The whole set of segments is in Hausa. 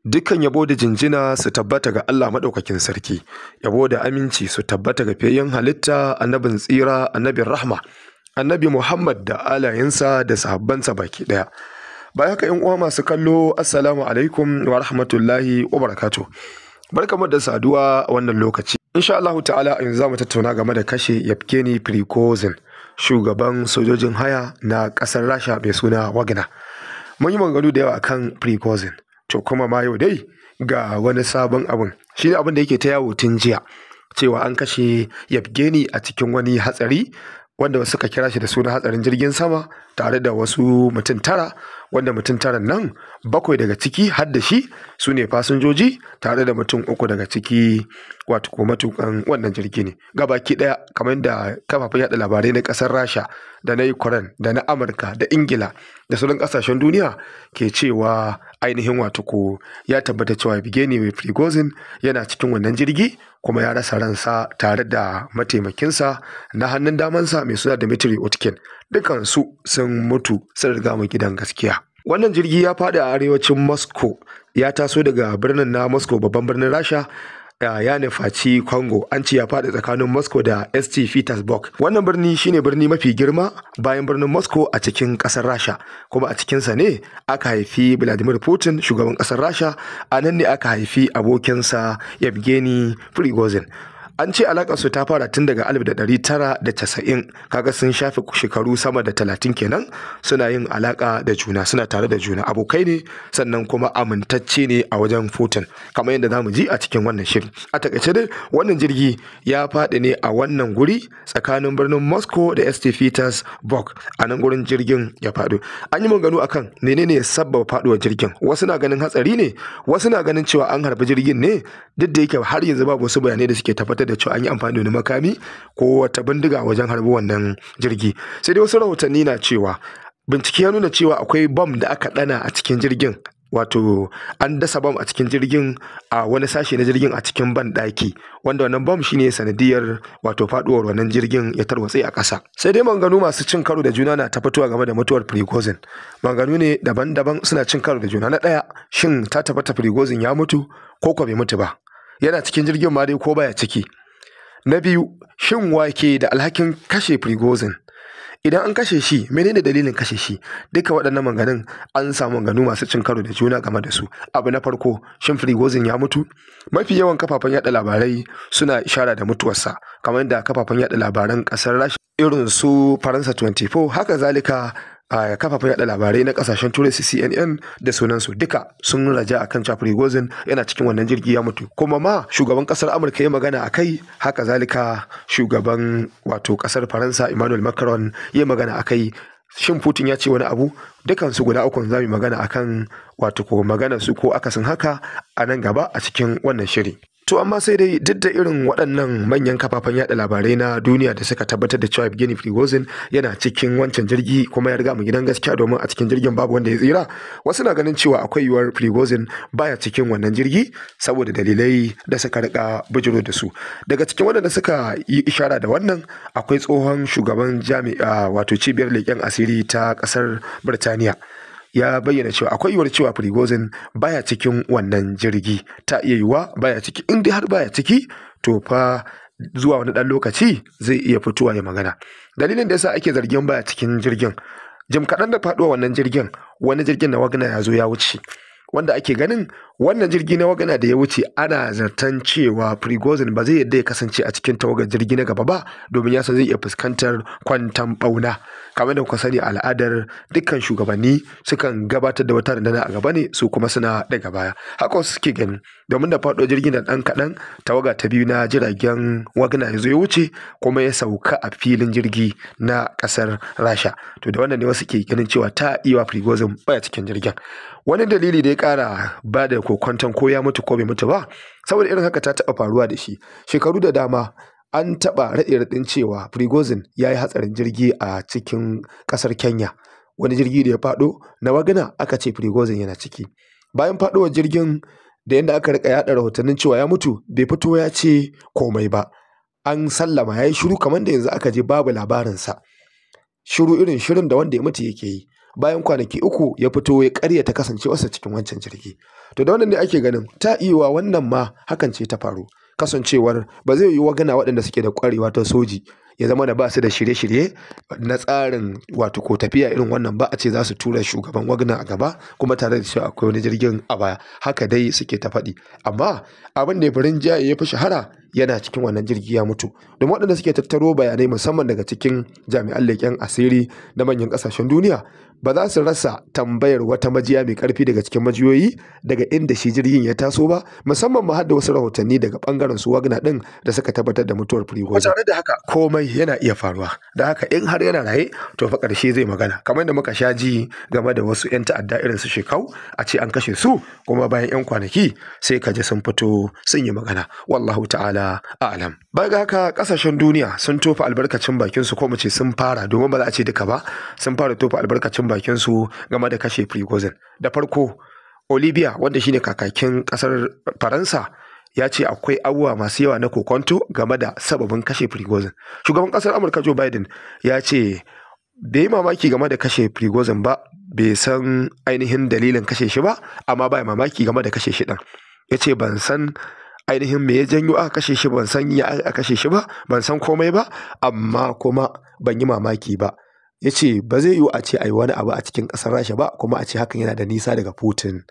Dukkan yabo da jinjina su tabbata ga Allah maɗaukakin sarki, yabo da aminci su tabbata ga fiyayyen halitta annabin tsira annabin rahma, annabi Muhammad da alayensa da sahabbansa baki ɗaya. Ba haka yan uwa masu kallo, Assalamu alaikum wa rahmatullahi wa barakatu. Barkamu da saduwa a wannan lokaci. Insha Allah ta'ala a yanzu za mu tattauna game da kashe yabkeni prikozin shugaban sojojin haya na ƙasar Rasha mai suna Wagner. Mun yi maganganu da yawa akan prikozin to kuma ma yau dai ga wani sabon abin shi ne abin da yake ta yawo tun jiya cewa an kashe Yabgeni a cikin wani hatsari wanda wasu suka kira shi da suna hatsarin jirgin sama tare da wasu mutum tara wanda mutum taran nan bakwai daga ciki har da shi su ne fasinjoji tare da mutum uku daga ciki wato ko matukan wannan jirgi ne gabaki daya kamar da kafafen yada labarai na kasar rasha da na ukraine da na amurka da ingila da sauran kasashen duniya ke cewa ainihin wato ko ya tabbata cewa bigeni mai Prigozhin yana cikin wannan jirgi kuma ya rasa ransa tare da mataimakinsa na hannun damansa mai suna da otkin otkin su sun mutu sun riga mu gidan gaskiya wannan jirgi ya faɗi a arewacin Moscow ya taso daga birnin na Moscow babban birnin Rasha Eh, ya nufaci Congo an ce ya faɗi tsakanin Moscow da St. Petersburg. Wannan birni shine birni mafi girma bayan birnin Moscow a cikin ƙasar Rasha kuma a cikinsa ne aka haifi Vladimir Putin shugaban ƙasar Rasha a nan ne aka haifi abokinsa Yevgeny Prigozhin. an ce su ta fara tun daga 1990 kaga sun shafe shekaru sama da 30 kenan suna yin alaka da juna suna tare da juna abokai ne sannan kuma amintacce ne a wajen fotin kamar yadda zamu ji a cikin wannan shiri a takaice dai wannan jirgi ya faɗi ne a wannan guri tsakanin birnin moscow da st petersburg a nan gurin jirgin ya faɗo an yi maganu akan menene ya sabbaba faɗuwar jirgin wasu na ganin hatsari ne wasu na ganin cewa an harbi jirgin ne duk da yake har yanzu babu wasu bayanai da suke tabbatar da cewa an yi amfani da wani makami ko wata bindiga wajen harbi wannan jirgi sai dai wasu rahotanni na cewa bincike ya nuna cewa akwai bom da aka dana a cikin jirgin wato an dasa bom a cikin jirgin a wani sashe na jirgin a cikin ban daki wanda wannan bom shine sanadiyar wato faduwar wannan jirgin ya tarwatse a ƙasa sai dai manganu masu cin karo da juna na ta fitowa game da mutuwar prigozin manganu ne daban-daban suna cin karo da juna na ɗaya shin ta tabbata prigozin ya mutu ko kwa bai mutu ba yana cikin jirgin ma dai ko baya ciki na biyu shin wake da alhakin kashe prigozin idan an kashe shi ne dalilin kashe shi duka waɗannan manganin an samu ganu masu cin karo da juna game da su abu na farko shin firigozin ya mutu mafi yawan kafafen yada labarai suna ishara da mutuwarsa kamar da kafafen yada labaran ƙasar rasha irin su faransa 24 haka zalika a kafafen yada labarai na ƙasashen turai su cnn da sunansu duka sun raja a kan cewa gozin yana cikin wannan jirgi ya mutu kuma ma shugaban ƙasar amurka ya magana a kai haka zalika shugaban wato kasar faransa emmanuel macron ya magana a kai shin putin ya ce wani abu dukansu guda ukun za mu magana akan wato ko magana su ko akasin haka a nan gaba a cikin wannan shiri To amma sai dai duk da irin waɗannan manyan kafafen yaɗa labarai na duniya da suka tabbatar da cewa Evgeny Prigozhin yana cikin wancan jirgi kuma ya riga mu gidan gaskiya domin a cikin jirgin babu wanda ya tsira wasu na ganin cewa akwai yiwuwar Prigozhin baya cikin wannan jirgi saboda dalilai da suka rika bijiro da su daga cikin waɗanda suka yi ishara da wannan akwai tsohon shugaban jami'a wato cibiyar leƙen asiri ta ƙasar Birtaniya ya bayyana cewa akwai yiwuwar cewa Prigozhin baya cikin wannan jirgi ta iya yiwuwa baya ciki in dai har baya ciki to fa zuwa wani ɗan lokaci zai iya fitowa ya magana dalilin da yasa ake zargin baya cikin jirgin jim kaɗan da faɗuwa wannan jirgin wani jirgin na wagna ya zo ya wuce wanda ake ganin wannan jirgi na wagana da ya wuce ana zartan cewa prigozin ba zai yadda ya kasance a cikin tawagar jirgi na gaba ba domin ya san zai iya fuskantar kwantan bauna kamar da kuka sani al'adar dukkan shugabanni sukan gabatar da wata rundunar a gaba ne su kuma suna daga baya haka wasu suke gani domin da faɗo jirgin da ɗan kaɗan tawaga ta biyu na jiragen wagana ya zo ya wuce kuma ya sauka a filin jirgi na ƙasar rasha to da wannan ne wasu ke ganin cewa ta iya prigozin baya cikin jirgin wani dalili da ya ƙara ba da kwantan ko ya mutu ko bai mutu ba saboda irin haka ta taɓa faruwa da shi shekaru da dama an taɓa raɗe raɗin cewa prigozin ya yi hatsarin jirgi a cikin ƙasar kenya wani jirgi da ya faɗo na wagana aka ce prigozin yana ciki bayan faɗowar jirgin da yadda aka rika yaɗa rahotannin cewa ya mutu bai fito ya ce komai ba an sallama ya yi shiru kamar da yanzu aka je babu labarinsa shiru irin shirin da wanda ya mutu yake yi bayan kwanaki uku ya fito ya karya ta kasancewarsa cikin wancan jirgi to da wannan ne ake ganin ta iya wannan ma hakan ce ta faru kasancewar ba zai yi wagana waɗanda suke da ƙwarewa ta soji ya zama da ba su da shirye-shirye na tsarin wato ko tafiya irin wannan ba a ce za su tura shugaban wagna a gaba kuma tare da cewa akwai wani jirgin a baya haka dai suke ta faɗi amma abin da ya farin jiya ya fi shahara yana cikin wannan jirgi ya mutu domin waɗanda suke tattaro bayanai musamman daga cikin jami'an leƙen asiri na manyan ƙasashen duniya ba za su rasa tambayar wata majiya mai karfi daga cikin majiyoyi daga inda shi jirgin ya taso ba musamman ma har wasu rahotanni daga bangaren su wagna din da suka tabbatar da mutuwar prigozhin tare da haka komai yana iya faruwa da haka in har yana raye to fa karshe zai magana kamar da muka sha ji game da wasu yan ta'adda irin su shekau a ce an kashe su kuma bayan yan kwanaki sai ka ji sun fito sun yi magana wallahu ta'ala a'lam ga haka kasashen duniya sun tofa albarkacin bakin su ko mu ce sun fara domin ba za a ce duka ba sun fara tofa albarkacin bakin su game da kashe Prigozhin. Da farko, Olivia wanda shine kakakin kasar Faransa ya ce akwai abubuwa masu yawa na kokonto game da sababin kashe Prigozhin. Shugaban kasar Amurka Joe Biden ya ce bai mamaki game da kashe Prigozhin ba, bai san ainihin dalilin kashe shi ba, amma bai mamaki game da kashe shi ɗin. Ya ce ban san ainihin me ya janyo aka kashe shi ban san ya aka kashe shi ba ban san komai ba amma kuma ban yi mamaki ba ya ce ba zai yiwu a ce a yi wani abu a cikin ƙasar rasha ba kuma a ce hakan yana da nisa daga putin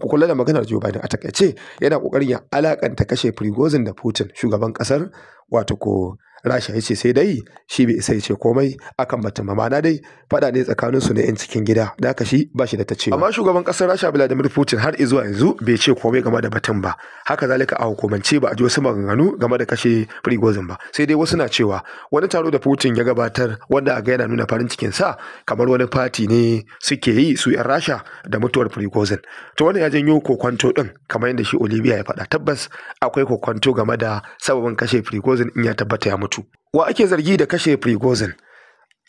ku kula da maganar joe biden a takaice yana ƙoƙarin ya alaƙanta kashe prigozhin da putin shugaban ƙasar wato ko rasha ya ce sai dai shi bai isa ya ce komai akan batun ba. Mana dai faɗa ne tsakanin su na yan cikin gida da aka shi ba shi da ta ce amma shugaban ƙasar rasha vladimir putin har zuwa yanzu bai ce komai game da batun ba haka zalika a hukumance ba a ji wasu maganganu game da kashe prigozhin ba sai dai wasu na cewa wani taro da putin ya gabatar wanda a ga yana nuna farin cikin sa kamar wani fati ne suke yi su yan rasha da mutuwar prigozhin to wannan ya janyo kokwanto ɗin kamar yadda shi olivia ya faɗa tabbas akwai kokwanto game da sababin kashe prigozhin in ya tabbata ya mutu mutu wa ake zargi da kashe prigozhin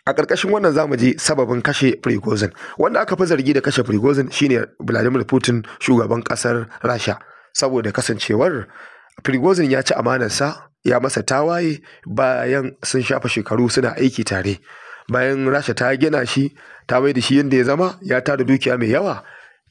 a ƙarƙashin wannan zamu je sababin kashe prigozhin wanda aka fi zargi da kashe prigozhin shine vladimir putin shugaban ƙasar rasha saboda kasancewar prigozhin ya ci amanarsa ya masa tawaye bayan sun shafa shekaru suna aiki tare bayan rasha ta gina shi ta mai da shi yadda ya zama ya tara dukiya mai yawa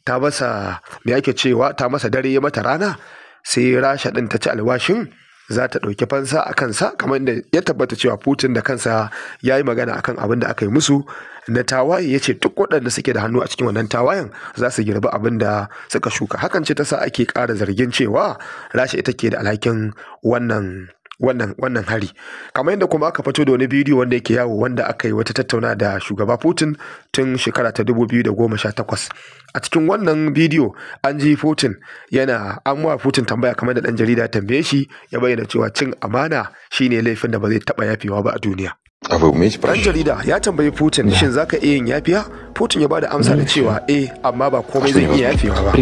ta masa me ake cewa ta masa dare ya mata rana sai rasha ɗin ta ci alwashin za ta ɗauki fansa a kansa kamar da ya tabbata cewa putin da kansa ya yi magana akan abin da aka yi musu na tawaye ya ce duk waɗanda suke da hannu a cikin wannan tawayen za su girbi abin da suka shuka hakan ce ta sa ake ƙara zargin cewa rasha ita ke da alhakin wannan wannan wannan hari kamar yadda kuma aka fito da wani bidiyo wanda yake yawo wanda aka yi wata tattauna da shugaba Putin tun shekara ta da 2018 a cikin wannan bidiyo an ji Putin yana an wa Putin tambaya kamar da dan jarida tambaye shi ya bayyana cewa cin amana shi ne laifin da ba zai taba yafewa ba a duniya Ɗan jarida ya tambayi Putin shin zaka iya yin yafiya? Putin ya bada amsa da cewa eh amma ba komai zai iya yafewa ba.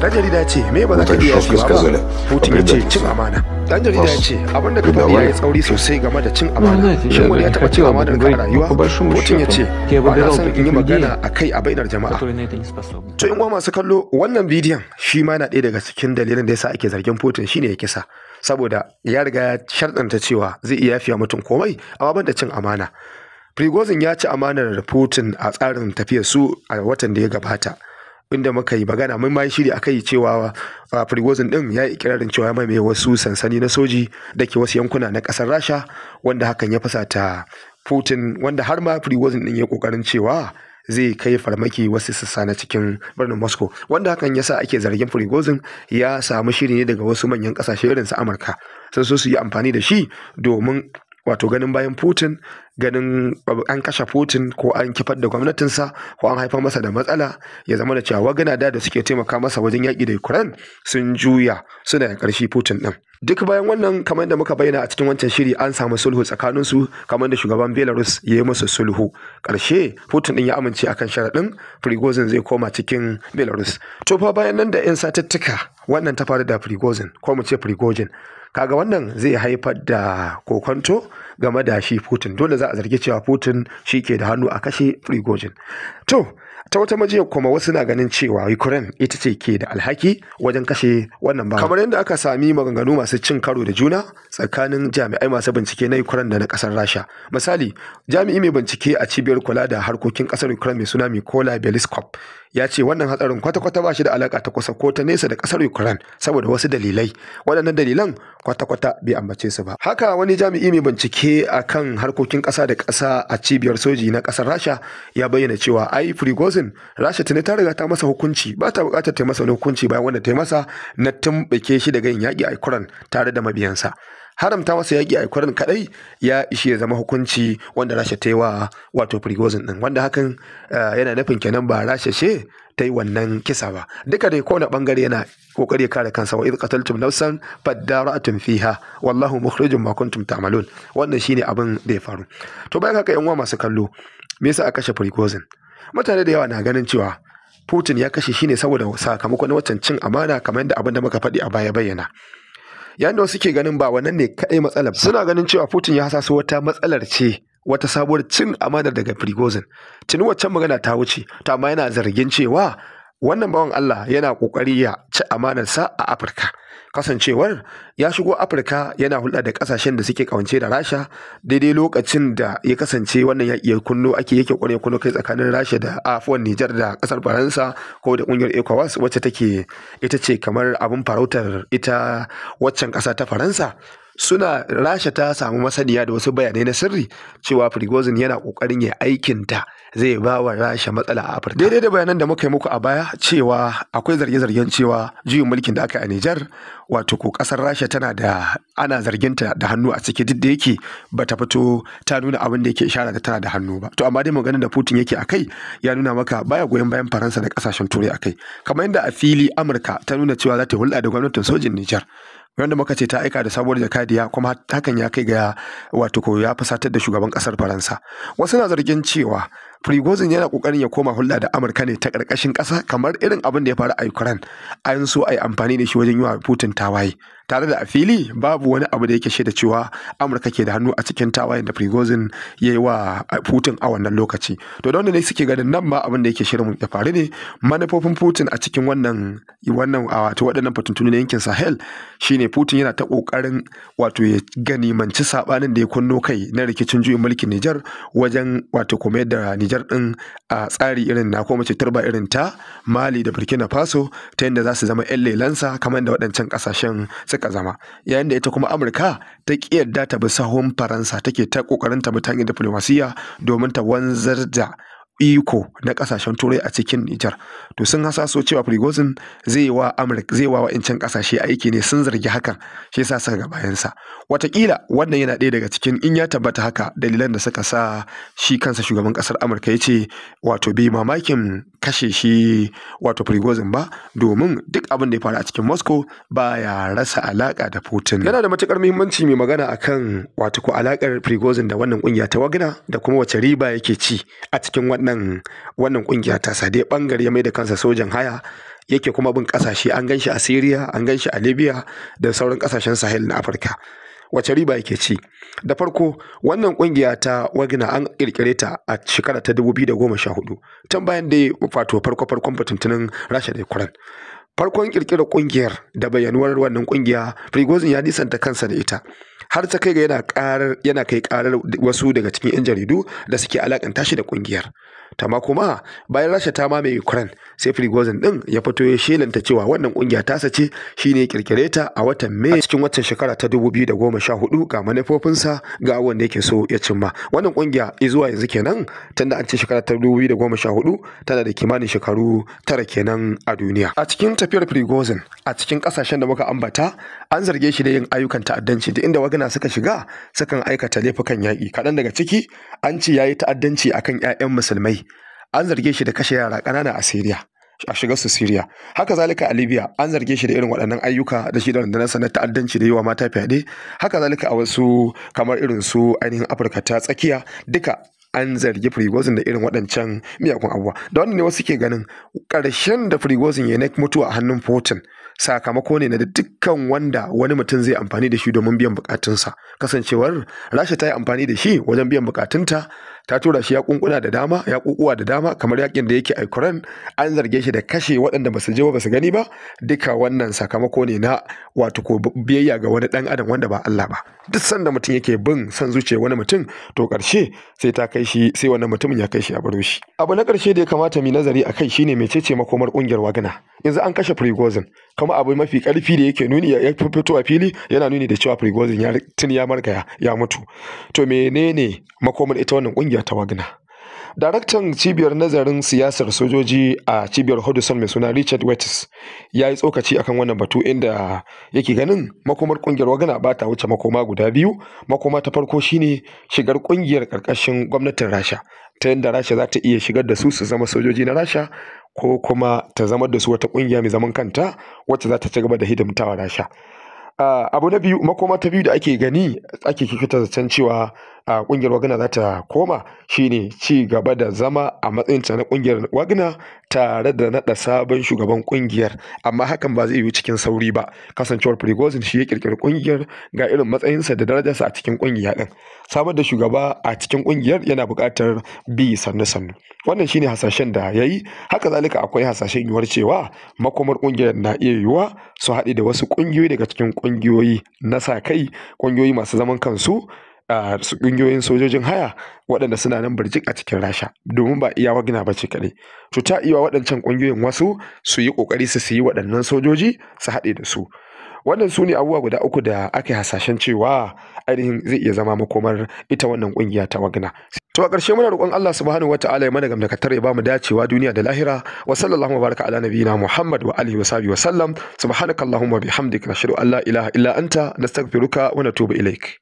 Ɗan jarida ce me ba za ka iya yafewa ba? Putin ya ce cin amana. dan jarida ya ce abin da ka faɗi ya yi tsauri sosai game da cin amana shin wani ya taɓa cin amana ka a rayuwa mutum ya ce ba na son in yi magana a kai a bainar jama'a to in masu kallo wannan bidiyon shi ma na ɗaya daga cikin dalilin da sa ake zargin putin shine ya kisa saboda ya riga ya sharɗanta cewa zai iya yafiya mutum komai a ban da cin amana Prigozhin ya ci amanar Putin a tsarin tafiyar su a watan da ya gabata inda muka yi magana mun ma yi shiri akai cewa a Prigozhin din ya yi kirarin cewa ya mai wasu sansani na soji da ke wasu yankuna na kasar Rasha wanda hakan ya fusata Putin wanda har ma Prigozhin din ya kokarin cewa zai kai farmaki wasu sassa na cikin birnin Moscow wanda hakan ya sa ake zargin Prigozhin ya samu shiri ne daga wasu manyan kasashe irin su Amurka sun so su yi amfani da shi domin wato ganin bayan Putin ganin an kashe Putin ko an kifar da gwamnatinsa ko an haifar masa da matsala ya zama da cewa wagana da da suke taimaka masa wajen yaƙi da Ukraine sun juya suna da ƙarshe Putin ɗin. Duk bayan wannan kamar da muka bayyana a cikin wancan shiri an samu sulhu tsakanin su kamar da shugaban Belarus ya yi musu sulhu. Ƙarshe Putin ɗin ya amince akan sharaɗin Prigozhin zai koma cikin Belarus. To fa bayan nan da 'yan satuttuka wannan ta faru da Prigozhin ko mu ce Prigozhin. Kaga wannan zai haifar da kokonto game da shi Putin dole za a zargi cewa putin shi ke da hannu a kashe prigozhin to ta wata majiya kuma wasu na ganin cewa ukraine ita ce ke da alhaki wajen kashe wannan ba kamar yadda aka sami maganganu masu cin karo da juna tsakanin jami'ai masu bincike na ukraine da na kasar rasha misali jami'i mai bincike a cibiyar kula da harkokin kasar ukraine mai suna mikola beliskop ya ce wannan hatsarin kwata-kwata ba shi da alaka ta kusa ko ta nesa da kasar ukraine saboda wasu dalilai waɗannan dalilan kwata-kwata bai ambace su ba haka wani jami'i mai bincike a kan harkokin ƙasa da ƙasa a cibiyar soji na ƙasar rasha ya bayyana cewa ai prigozhin rasha tuni ta riga ta masa hukunci ba ta buƙatar ta masa hukunci bayan wanda ta masa na tumɓuke shi daga yin yaƙi a Ukraine tare da mabiyansa haramta masa yaƙi a ukraine kaɗai ya ishe ya zama hukunci wanda rasha ta yi wa wato prigozin ɗin wanda hakan eh, yana nufin kenan ba rasha ce ta yi wannan kisa ba duka dai kowane ɓangare yana ƙoƙari ya kare kansa wa idh qataltum nafsan tun fiha wallahu mukhrijum ma kuntum ta'malun wannan shine abin da ya faru to bayan haka yan uwa masu kallo me yasa a kashe prigozin mutane da yawa na ganin cewa Putin ya kashe shi ne saboda sakamakon wancan cin amana kamar yadda abin da muka faɗi a baya bayyana. yayin da wasu ke ganin ba wannan ne kaɗai matsalar suna ganin cewa putin ya hasaso wata matsalar ce wata sabuwar cin amanar daga prigozin tuni can magana ta wuce to amma yana zargin cewa wannan bawan Allah yana kokari ya ci amanarsa a Afirka kasancewar ya shigo Afirka yana hulɗa da kasashen da suke kawance da Rasha daidai lokacin da ya kasance wannan ya iya kunno ake yake kware kunno kai tsakanin Rasha da afuwan Nijar da kasar Faransa ko da kungiyar ECOWAS wacce take ita ce kamar abin farautar ita waccan kasa ta Faransa suna rasha ta samu masaniya da wasu bayanai na sirri cewa prigozhin yana kokarin ya aikinta zai ba wa rasha matsala a afirka daidai da bayanan da muka yi muku a baya cewa akwai zarge-zargen cewa juyin mulkin da aka yi a nijar wato ko kasar rasha tana da ana zarginta da hannu a ciki duk da yake bata fito ta nuna abin da yake ishara da tana da hannu ba to amma dai maganin da putin yake akai ya nuna maka baya goyon bayan faransa da kasashen turai akai kamar yadda a fili amurka ta nuna cewa za ta hulɗa da gwamnatin sojin nijar wanda muka ce ta aika da sabuwar jakadiya kuma hakan ya kai ga wato ko ya fasatar da shugaban kasar faransa wasu na zargin cewa frigozin yana kokarin ya koma hulɗa da Amurka ne ta ƙarƙashin ƙasa kamar irin abin da ya faru a Ukraine an so a yi amfani da shi wajen yi wa Putin tawaye tare da a fili babu wani abu da yake shaida cewa amurka ke da hannu a cikin tawayen da prigozin ya yi wa putin a wannan lokaci to da wanda ne suke ganin nan ma abin da yake shirin ya faru ne manufofin putin a cikin wannan wannan wato waɗannan fatuntunu na yankin sahel shine putin yana ta ƙoƙarin wato ya ganimanci saɓanin da ya kunno kai na rikicin juyin mulkin nijar wajen wato kuma yadda nijar din a tsari irin na ko mace turba irin ta mali da burkina faso ta yadda za su zama 'yan lelansa kamar da waɗancan ƙasashen suka zama yayin da ita kuma amurka ta ki yarda ta bi sahun faransa take ta ƙoƙarin ta bi ta hanyar diflomasiyya domin ta wanzar da iko na kasashen turai a cikin Nijar to sun hasaso cewa Prigozhin zai wa Amurka zai wa wa'incin kasashe aiki ne sun zargi hakan shi yasa suka ga bayansa watakila wannan yana ɗaya daga cikin in ya tabbata haka dalilan da suka sa shi kansa shugaban ƙasar Amurka ya ce wato bai mamakin kashe shi wato Prigozhin ba domin duk abin da ya faru a cikin Moscow ba ya rasa alaka da Putin yana da matukar muhimmanci mai magana akan wato ko alakar Prigozhin da wannan kungiya ta Wagner da kuma wace riba yake ci a cikin wannan wannan wannan kungiya ta sa bangare ya mai da kansa sojan haya yake kuma bin kasashe an ganshi a Syria an ganshi a Libya da sauran kasashen Sahel na Afirka wace riba yake ci da farko wannan kungiya ta wagina an kirkire ta a shekara ta 2014 tun bayan da fato farko farkon fitintunin Rasha da Ukraine farkon kirkirar kungiyar da bayyanuwar wannan kungiya prigozin ya nisanta kansa da ita har ta kai ga yana kai karar wasu daga cikin 'yan jaridu da suke alakanta shi da kungiyar tama kuma bayan rasha ta mamaye ukraine sai prigozhin din ya fito ya shelanta cewa wannan kungiya ta sace shine kirkire ta a watan mai cikin watan shekara ta 2014 ga manufofinsa ga wanda yake so ya cimma wannan kungiya zuwa yanzu kenan tunda an ce shekara ta 2014 tana da kimanin shekaru tara kenan a duniya a cikin tafiyar prigozhin a cikin kasashen da muka ambata an zarge shi da yin ayyukan ta'addanci da inda wagana suka shiga sukan aikata laifukan yaƙi kaɗan daga ciki an ce ya ta'addanci akan 'ya'yan musulmai an zarge shi da kashe yara ƙanana a Siriya a shigar su Siriya haka zalika a Libya an zarge shi da irin waɗannan ayyuka da shi da rundunar sanar ta'addanci da yi wa mata fyaɗe haka zalika a wasu kamar irin su ainihin Afirka ta tsakiya duka an zargi Prigozhin da irin waɗancan miyagun abuwa. da wannan ne wasu ke ganin ƙarshen da Prigozhin ya mutuwa a hannun Putin sakamako ne na dukkan wanda wani mutum zai amfani da shi domin biyan bukatunsa kasancewar rasha ta yi amfani da shi wajen biyan bukatunta ta tura shi ya kunkuna da dama ya kukuwa da dama kamar yakin da yake a Ukraine an zarge shi da kashe waɗanda ba su je ba su gani ba duka wannan sakamako ne na wato ko biyayya ga wani dan adam wanda ba Allah ba duk sanda mutum yake bin san zuciyar wani mutum to karshe sai ta kai shi sai wannan mutumin ya kai shi a baro shi abu na karshe da ya kamata mu nazari akai shine mecece makomar kungiyar wagana yanzu an kashe prigozin kuma abu mafi karfi da yake nuni ya fito a fili yana nuni da cewa Prigozhin ya tun ya margaya ya mutu to menene makomar ita wannan kungiya ta Wagner Daraktan cibiyar nazarin siyasar sojoji a cibiyar Hudson mai suna Richard Wetis ya yi tsokaci akan wannan batu inda yake ganin makomar kungiyar wagana ba ta wuce makoma guda biyu makoma ta farko shine shigar kungiyar karkashin gwamnatin Rasha ta yadda Rasha za ta iya shigar da su su zama sojoji na Rasha ko kuma ta zama da su wata kungiya mai zaman kanta wacce za ta ci gaba da hidimtawa Rasha. Uh, abu na biyu makoma ta biyu da ake gani ake kikita zaton cewa a kungiyar wagina za ta koma shine ci gaba da zama a matsayinta na kungiyar wagina tare da nada sabon shugaban kungiyar amma hakan ba zai yiwu cikin sauri ba kasancewar prigozin shi ya kirkiri kungiyar ga irin matsayinsa da darajarsa a cikin kungiya din samar da shugaba a cikin kungiyar yana buƙatar bi sannu sannu wannan shine hasashen da ya yi. haka zalika akwai hasashen yiwuwar cewa makomar kungiyar na iya yiwuwa su haɗe da wasu kungiyoyi daga cikin kungiyoyi na sa kai kungiyoyi masu zaman kansu ƙungiyoyin sojojin haya waɗanda suna nan birjik a cikin rasha domin ba iya wagina ba ce kaɗai to ta iya waɗancan ƙungiyoyin wasu su yi ƙoƙari su yi waɗannan sojoji su haɗe da su wannan su ne abubuwa guda uku da ake hasashen cewa ainihin zai iya zama makomar ita wannan ƙungiya ta wagna to a ƙarshe muna roƙon Allah subhanahu ta'ala ya mana gamdakatar ba mu dacewa duniya da lahira wa sallallahu baraka ala nabiyina Muhammad wa alihi wa sahbihi wa sallam subhanakallahumma bihamdika nashhadu an la ilaha illa anta nastaghfiruka wa natubu ilaik